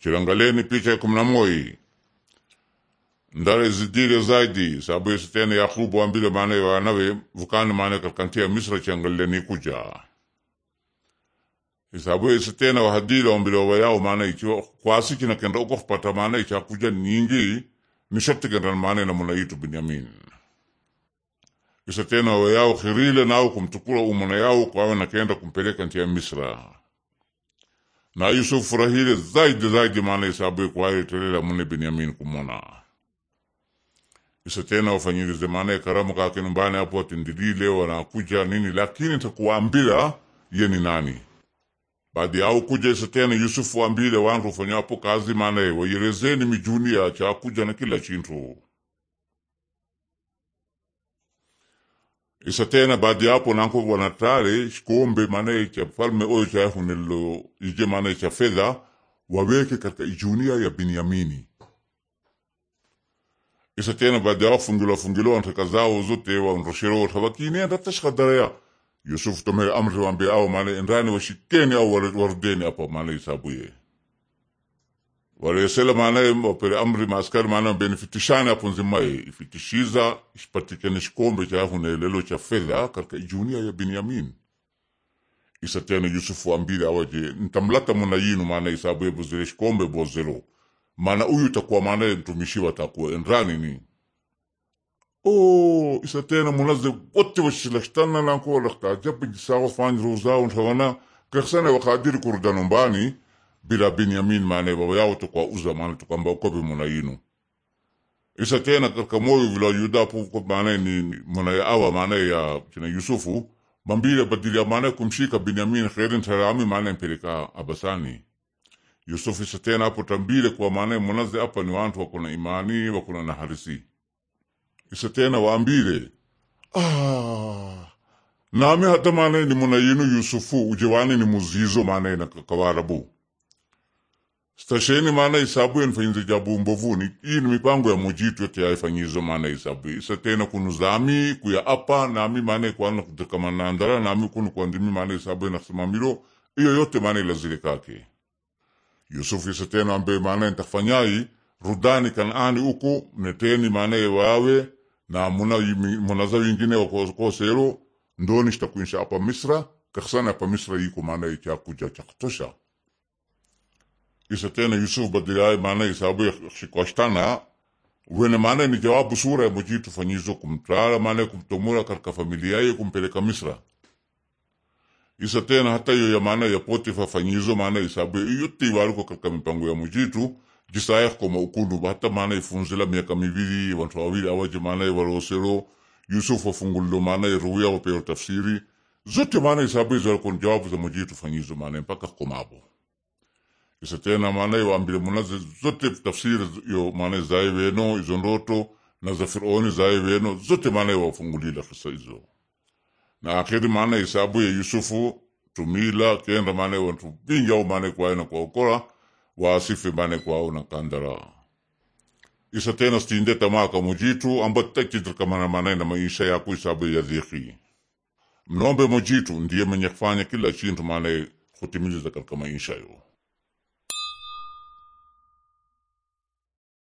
Chilangaleni picha ya kumi na moi ndare zidile zaidi sababu Yesu tena Yakubu wambile maana ya wanawe vukani maana ya nchi ya Misri chiangaleni kuja sababu Yesu tena wahadile wambile wayao maana ichiwa kwasi kina kenda uko kupata maana icha kuja nyingi ni sharti kenda maana na mwana itu Benyamin Yesu tena wayao khirile nao kumtukula umuna yao kwawe kenda kumpeleka ntia ya Misra na Yusufu furahile zaidi zaidi maana isabu ekwaitelela mune binyamin kumona isa tena wafanyirize maana karamu kakeni mbane apo atindilile kuja nini lakini takuambila ye ni nani baadi au kuja isa tena Yusufu wambile wantu ufanya apo kazi maana wayerezeni mijuni ya chakuja na kila chintu isa tena baadi yapo nanko wanatare shikombe maana cha mfalme oyo chafunelo ije maana cha fedha waweke katika ijunia ya Binyamini. Isa tena baadi yao fungilo fungilo antaka zao zote wanroshero tabakini andatashkadaria Yusuf tome amri wambe ao maana ndani washikeni au warudeni apa maana isabuye walesela maanaye wapere amri maaskari maana benefitishane apunzimaye ifitishiza ishipatikane shikombe chafu elelo cha fedha katika ijunia ya Binyamin isatene Yusufu ambile awaje ntamlata muna yinu maana isabu ya bozele shikombe bozelo maana uyu takuwa maanaye mtumishi watakuwa endrani ni o isatena munaze wote washilashtanalankolakhta jisawa fanyi fanyiruzawo nshawana kekhsane wakadiri kurudanumbani bila Binyamin mane baba yao Uza mane tukamba kopi muna yinu isa tena katika moyo vila Yuda pu mane ni muna ya awa mane ya kina Yusufu mambile badili ya mane kumshika Binyamin khairin tarami mane mpeleka abasani Yusufu isa tena hapo tambile kwa mane munaze apa ni wantu wakuna imani wakuna na harisi isa tena waambile ah nami hata mane ni muna yinu Yusufu ujewani ni muzizo mane na kawarabu stasheni maana isabu yenifanyize jabu mbovuni iyi ni mipango ya mujitu yake yaifanyizo maana isabu isa tena kunu zami kuya apa nami maana ikwana kutekamanandara nami kunu kuandimi maana isabu yenakusimamilo iyo yote maana ilazile kake yusufu isa tena ambe maana entakfanyai rudani kanani uku neteni maana yewawe na muna munaza wingine wakosero ndoni shtakuinsha apa misra kaksana apa misra yiko maana ikyakuja chakutosha isa tena Yusuf badilai maana hisabu yashikashitana wene maana ni jawabu sura ya moji tufanyizo kumtala maana kumtomura katika familia yake kumpeleka Misra isa tena hata hiyo ya maana ya Potifa fanyizo maana hisabu yote iwaruko katika mipango ya mujitu jisaya koma ukundu hata maana ifunzila miaka mibili watu wawili awaje maana ya walosero Yusuf afungulilo maana ya ruya wapero tafsiri zote maana isabu hizo alikuwa jawabu za mujitu tufanyizo maana mpaka komapo tena maana iwambile munaze zote tafsiri yo maana zaye weno izo ndoto na za Firaoni zaye weno zote maana wafungulila kisa hizo na akhiri maana hisabu ya Yusufu tumila kenda maana wantu vingi au maana kwaye na kwaokora waasife maana kwao na kandara isa tena stinde tamaa kamujitu ambatakitirikamana maana na maisha yako hisabu ya dhiki mnombe mujitu ndiye mwenye kufanya kila chintu maana kutimiliza katika maisha yo